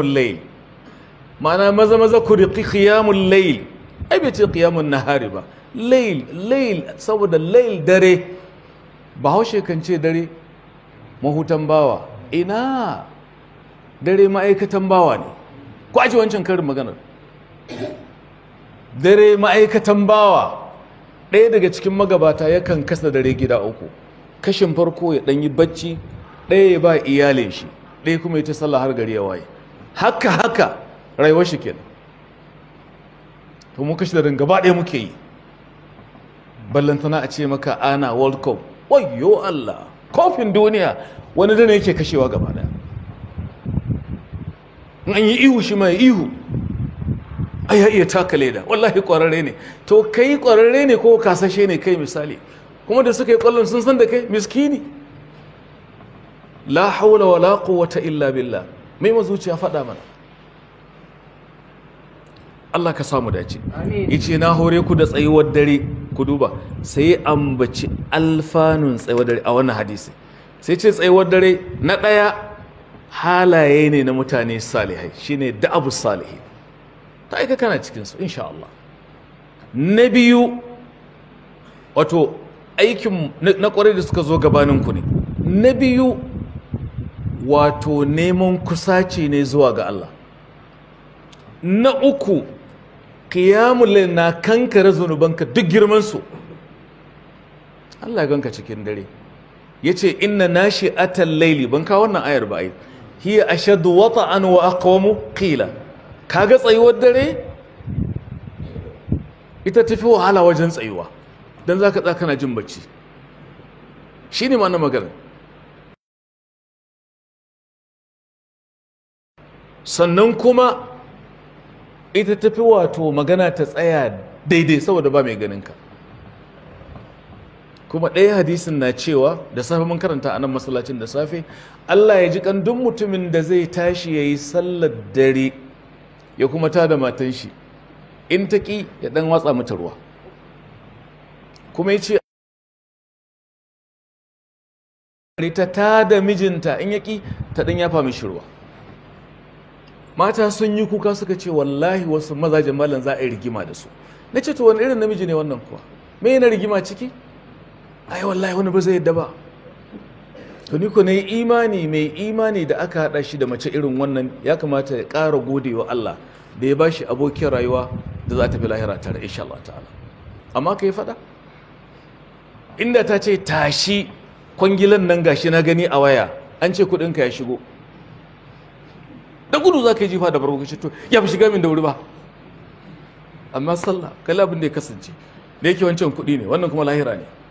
layl ma'ana maza maza ku riƙi qiyamul ai bai ce nahari ba saboda layl dare bahaushe kan ce dare mahutan bawa ina dare ma'aikatan bawa ne ko aji wancan karin maganar dare ma'aikatan bawa ɗaya daga cikin magabata yakan kasa dare gida uku kashin farko ya ɗanyi bacci ɗaya ya ba iyalin shi ɗaya kuma ya ta sallah har gari ya waye haka haka rayuwar shi kenan to mu kashi da rin gaba ɗaya muke yi ballantana a ce maka ana world cup wayo Allah kofin duniya wani dane yake kashewa gaba an yi ihu shi mai ihu a ya iya taka leda wallahi kwararre ne to kai kwararre ne ko kasashe ne kai misali kuma da suka yi ƙwallon sun san da kai miskini la haula wa la quwwata illa billah mai mazuciya faɗa mana Allah ka samu dace yace na hore ku da tsayuwar dare ku duba sai ambaci alfanun tsayuwar dare a wannan hadisi sai ce tsayuwar dare na ɗaya halaye ne na mutane salihai shine da'abu salihi ta aika kana cikinsu insha Allah na biyu wato aikin na kwarai da suka zo gabaninku ne na biyu wato neman kusa ce ne zuwa ga Allah na uku qiyamul na kankare zunubanka duk girman su Allah ganka cikin dare yace inna nashi layli ban ka wannan ayar ba ai hiya ashadu wata'an wa aqwamu qila kaga tsayuwar dare ita tafi wahala wajen tsayuwa dan zaka tsaka kana jin bacci shine ma na magana sannan kuma ita tafi wato magana ta tsaya daidai saboda ba mai ganinka kuma ɗaya hadisin na cewa da safe mun karanta a nan masallacin da safe Allah ya ji kan mutumin da zai tashi ya yi sallar dare ya kuma ta da matan shi in ta ƙi ya ɗan watsa mata ruwa kuma ya ce ta ta da mijinta in ya ƙi ta ɗan yafa mishi ruwa mata sun yi kuka suka ce wallahi wasu mazajen malam za a yi rigima da su na ce to wani irin namiji ne wannan kuwa me yana rigima ciki ai wallahi wani ba zai yadda ba to ni ko na imani mai imani da aka haɗa shi da mace irin wannan ya kamata ya ƙara gode wa Allah da ya bashi abokin rayuwa da za ta fi lahira tare insha Allah ta'ala amma ka yi faɗa inda ta ce tashi kwangilan nan gashi na gani a waya an ce kuɗinka ya shigo da gudu za ka yi jifa da barko to ya fi shiga min da wuri ba amma sallah kalli abin da ya kasance da yake wancan kuɗi ne wannan kuma lahira ne